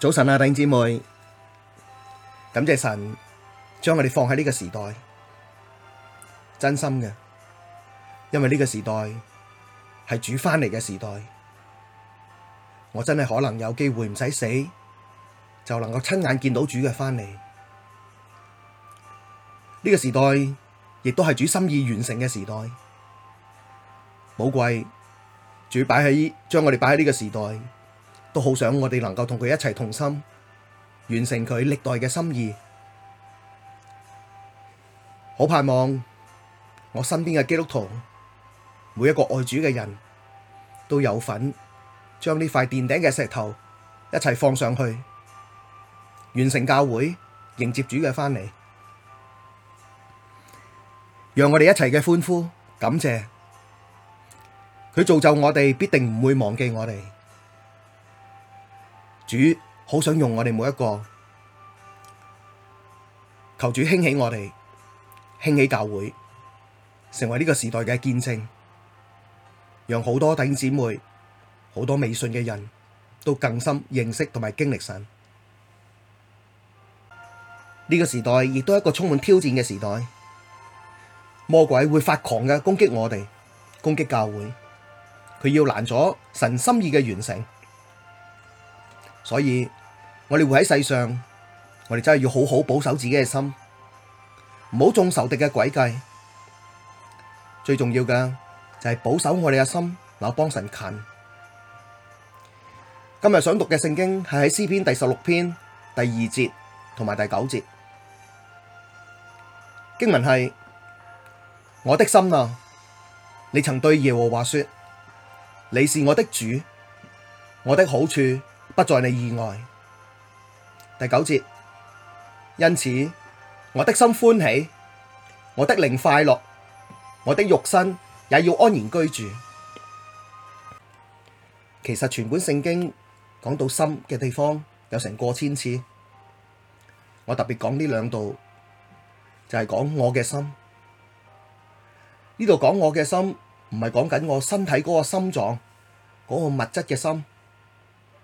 早晨啊，弟兄姊妹，感謝神將我哋放喺呢個時代，真心嘅，因為呢個時代係主翻嚟嘅時代，我真係可能有機會唔使死就能夠親眼見到主嘅翻嚟，呢、呢個時代亦都係主心意完成嘅時代，寶貴，主擺喺將我哋擺喺呢個時代。都好想我哋能夠同佢一齊同心，完成佢歷代嘅心意。好盼望我身邊嘅基督徒，每一個愛主嘅人都有份，將呢塊墊頂嘅石頭一齊放上去，完成教會，迎接主嘅翻嚟。讓我哋一齊嘅歡呼感謝，佢造就我哋，必定唔會忘記我哋。主好想用我哋每一個，求主興起我哋，興起教會，成為呢個時代嘅見證，讓好多弟兄姊妹，好多未信嘅人都更深認識同埋經歷神。呢個時代亦都係一個充滿挑戰嘅時代，魔鬼會發狂嘅攻擊我哋，攻擊教會，佢要攔阻神心意嘅完成。所以，我哋活喺世上，我哋真係要好好保守自己嘅心，唔好中仇敵嘅詭計。最重要嘅就係保守我哋嘅心，那幫神近。今日想讀嘅聖經係喺詩篇第十六篇第二節同埋第九節。經文係：我的心哪，你曾對耶和華說，你是我的主，我的好處。不在你以外。第九節，因此我的心歡喜，我的靈快樂，我的肉身也要安然居住。其實全本聖經講到心嘅地方有成過千次，我特別講呢兩度，就係講我嘅心。呢度講我嘅心，唔係講緊我身體嗰個心臟嗰個物質嘅心。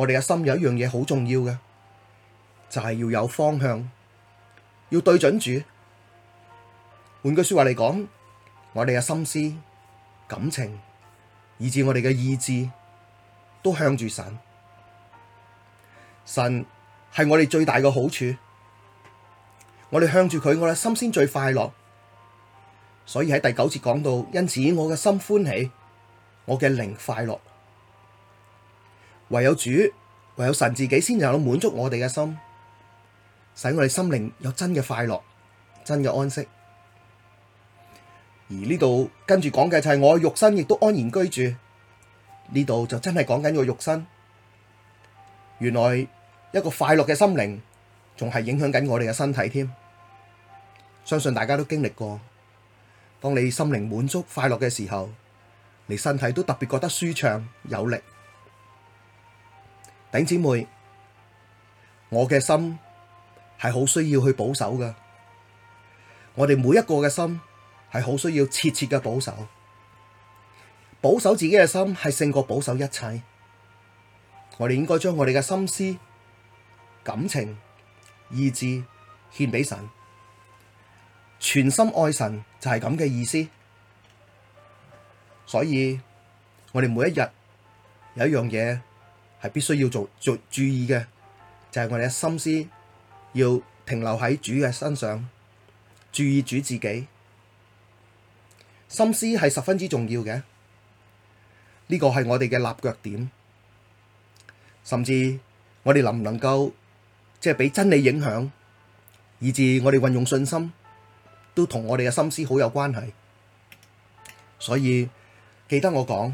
我哋嘅心有一樣嘢好重要嘅，就係要有方向，要對準住。換句說話嚟講，我哋嘅心思、感情，以至我哋嘅意志，都向住神。神係我哋最大嘅好處，我哋向住佢，我哋心先最快樂。所以喺第九節講到，因此我嘅心歡喜，我嘅靈快樂。唯有主，唯有神自己先至能夠滿足我哋嘅心，使我哋心靈有真嘅快樂、真嘅安息。而呢度跟住講嘅就係我嘅肉身亦都安然居住。呢度就真係講緊個肉身。原來一個快樂嘅心靈仲係影響緊我哋嘅身體添。相信大家都經歷過，當你心靈滿足、快樂嘅時候，你身體都特別覺得舒暢有力。頂姐妹，我嘅心係好需要去保守㗎。我哋每一個嘅心係好需要切切嘅保守，保守自己嘅心係勝過保守一切。我哋應該將我哋嘅心思、感情、意志獻俾神，全心愛神就係咁嘅意思。所以我哋每一日有一樣嘢。係必須要做做注意嘅，就係我哋嘅心思要停留喺主嘅身上，注意主自己，心思係十分之重要嘅，呢個係我哋嘅立腳點，甚至我哋能唔能夠即係俾真理影響，以致我哋運用信心，都同我哋嘅心思好有關係，所以記得我講。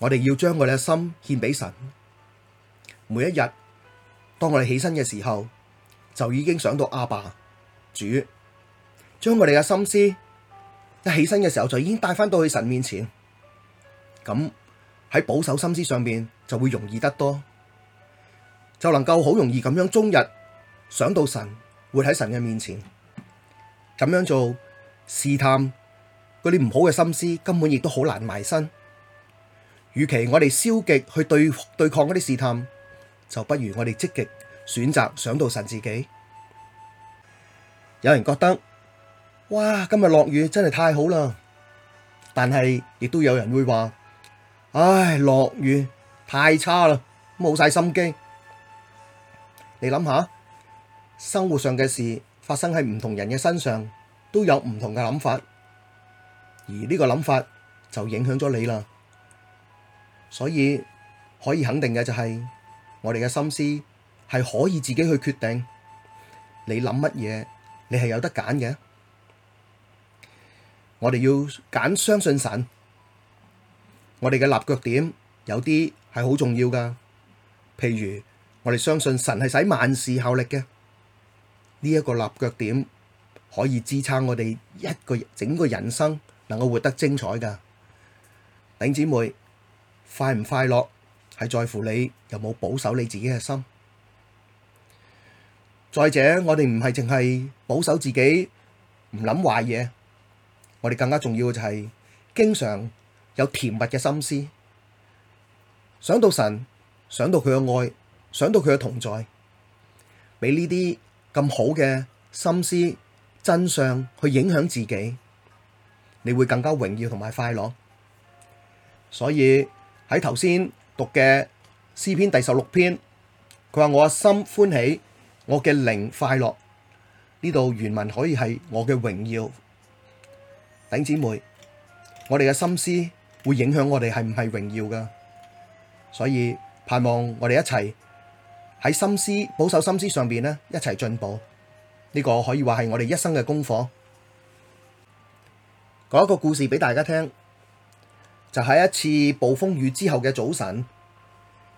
我哋要將我哋嘅心獻俾神。每一日，當我哋起身嘅時候，就已經想到阿爸主，將我哋嘅心思一起身嘅時候就已經帶翻到去神面前。咁喺保守心思上面，就會容易得多，就能夠好容易咁樣終日想到神，活喺神嘅面前，咁樣做試探嗰啲唔好嘅心思，根本亦都好難埋身。與其我哋消極去對對抗嗰啲試探，就不如我哋積極選擇想到神自己。有人覺得，哇，今日落雨真係太好啦！但係亦都有人會話，唉，落雨太差啦，冇晒心機。你諗下，生活上嘅事發生喺唔同人嘅身上，都有唔同嘅諗法，而呢個諗法就影響咗你啦。所以可以肯定嘅就係、是、我哋嘅心思係可以自己去決定你諗乜嘢，你係有得揀嘅。我哋要揀相信神，我哋嘅立腳點有啲係好重要噶。譬如我哋相信神係使萬事效力嘅呢一個立腳點，可以支撐我哋一個整個人生能夠活得精彩噶。頂姊妹。快唔快樂係在乎你有冇保守你自己嘅心。再者，我哋唔係淨係保守自己，唔諗壞嘢。我哋更加重要嘅就係經常有甜蜜嘅心思，想到神，想到佢嘅愛，想到佢嘅同在，俾呢啲咁好嘅心思真相去影響自己，你會更加榮耀同埋快樂。所以。喺頭先讀嘅詩篇第十六篇，佢話我心歡喜，我嘅靈快樂。呢度原文可以係我嘅榮耀，頂姊妹，我哋嘅心思會影響我哋係唔係榮耀噶。所以盼望我哋一齊喺心思保守心思上邊咧，一齊進步。呢個可以話係我哋一生嘅功課。講一個故事俾大家聽。就喺一次暴風雨之後嘅早晨，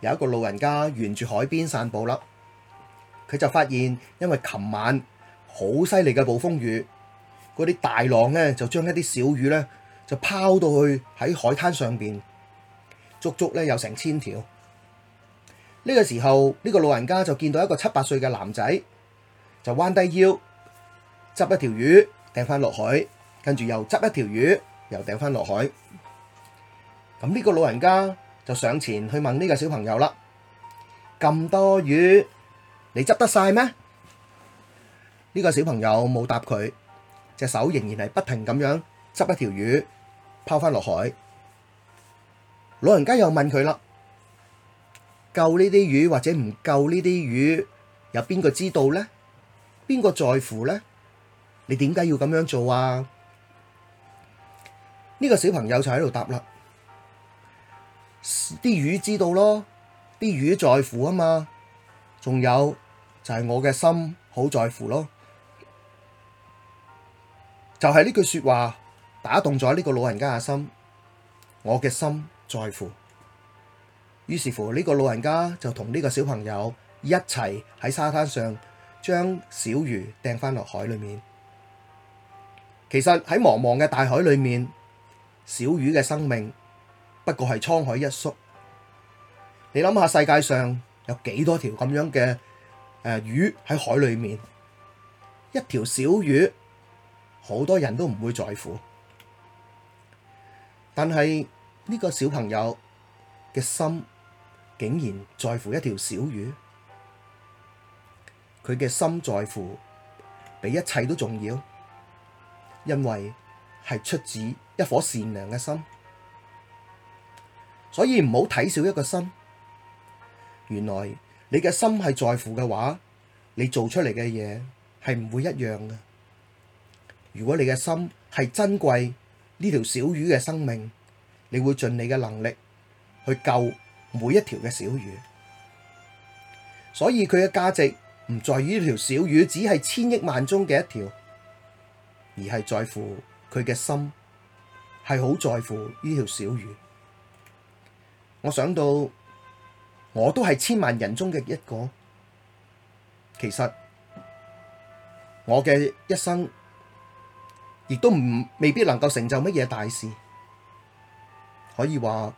有一個老人家沿住海邊散步啦。佢就發現，因為琴晚好犀利嘅暴風雨，嗰啲大浪呢，就將一啲小魚呢，就拋到去喺海灘上邊，足足呢有成千條。呢個時候，呢個老人家就見到一個七八歲嘅男仔，就彎低腰執一條魚掟翻落海，跟住又執一條魚又掟翻落海。咁呢個老人家就上前去問呢個小朋友啦。咁多魚，你執得晒咩？呢、這個小朋友冇答佢，隻手仍然係不停咁樣執一條魚，拋翻落海。老人家又問佢啦：救呢啲魚或者唔救呢啲魚，有邊個知道呢？邊個在乎呢？你點解要咁樣做啊？呢、這個小朋友就喺度答啦。啲魚知道咯，啲魚在乎啊嘛，仲有就係我嘅心好在乎咯，就係呢句說話打動咗呢個老人家嘅心，我嘅心在乎，於是乎呢個老人家就同呢個小朋友一齊喺沙灘上將小魚掟翻落海裏面。其實喺茫茫嘅大海裏面，小魚嘅生命。不過係滄海一粟，你諗下世界上有幾多條咁樣嘅誒魚喺海裏面，一條小魚好多人都唔會在乎，但係呢個小朋友嘅心竟然在乎一條小魚，佢嘅心在乎比一切都重要，因為係出自一顆善良嘅心。所以唔好睇小一個心。原來你嘅心係在乎嘅話，你做出嚟嘅嘢係唔會一樣嘅。如果你嘅心係珍貴呢條小魚嘅生命，你會盡你嘅能力去救每一條嘅小魚。所以佢嘅價值唔在於呢條小魚，只係千億萬中嘅一條，而係在乎佢嘅心係好在乎呢條小魚。我想到，我都係千萬人中嘅一個，其實我嘅一生亦都唔未必能夠成就乜嘢大事，可以話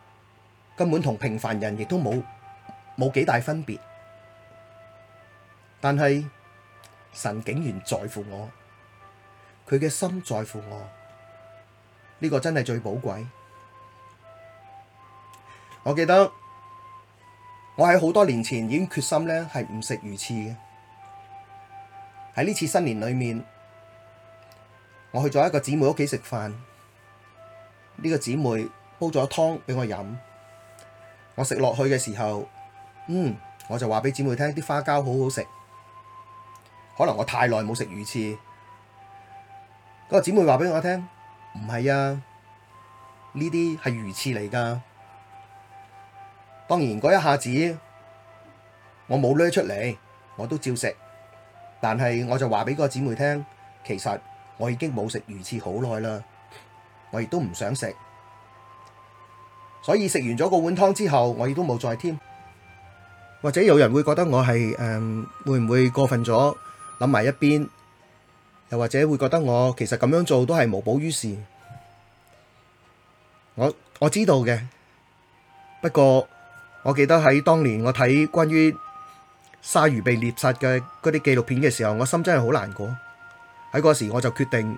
根本同平凡人亦都冇冇幾大分別。但係神竟然在乎我，佢嘅心在乎我，呢、這個真係最寶貴。我記得我喺好多年前已經決心咧係唔食魚翅嘅。喺呢次新年裏面，我去咗一個姊妹屋企食飯。呢個姊妹煲咗湯俾我飲，我食落去嘅時候，嗯，我就話畀姊妹聽啲花膠好好食。可能我太耐冇食魚翅，嗰個姊妹話畀我聽，唔係啊，呢啲係魚翅嚟噶。當然嗰一下子我冇掠出嚟，我都照食。但係我就話畀個姊妹聽，其實我已經冇食魚翅好耐啦，我亦都唔想食。所以食完咗個碗湯之後，我亦都冇再添。或者有人會覺得我係誒、嗯、會唔會過分咗，諗埋一邊，又或者會覺得我其實咁樣做都係無補於事。我我知道嘅，不過。我記得喺當年我睇關於鯊魚被獵殺嘅嗰啲紀錄片嘅時候，我心真係好難過。喺嗰時我就決定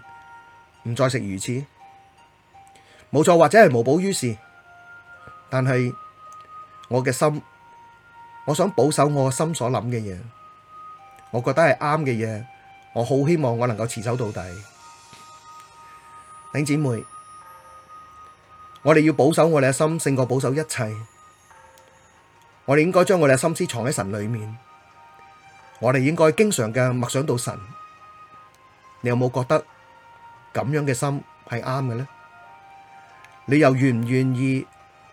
唔再食魚翅。冇錯，或者係無補於事。但係我嘅心，我想保守我心所諗嘅嘢。我覺得係啱嘅嘢，我好希望我能夠持守到底。頂姊妹，我哋要保守我哋嘅心勝過保守一切。我們應該將我們的心思藏在神裏面。我們應該經常的默想到神。你有沒有覺得這樣的心是啱的呢？你又願唔願意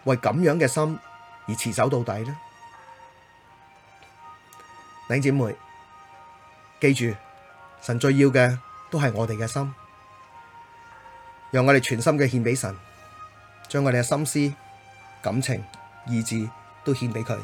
為這樣的心而持守到底呢？弟兄姊妹，記住，神最要的都是我們的心。讓我們全心的獻畀神，將我們的心思、感情、意志，都獻俾佢。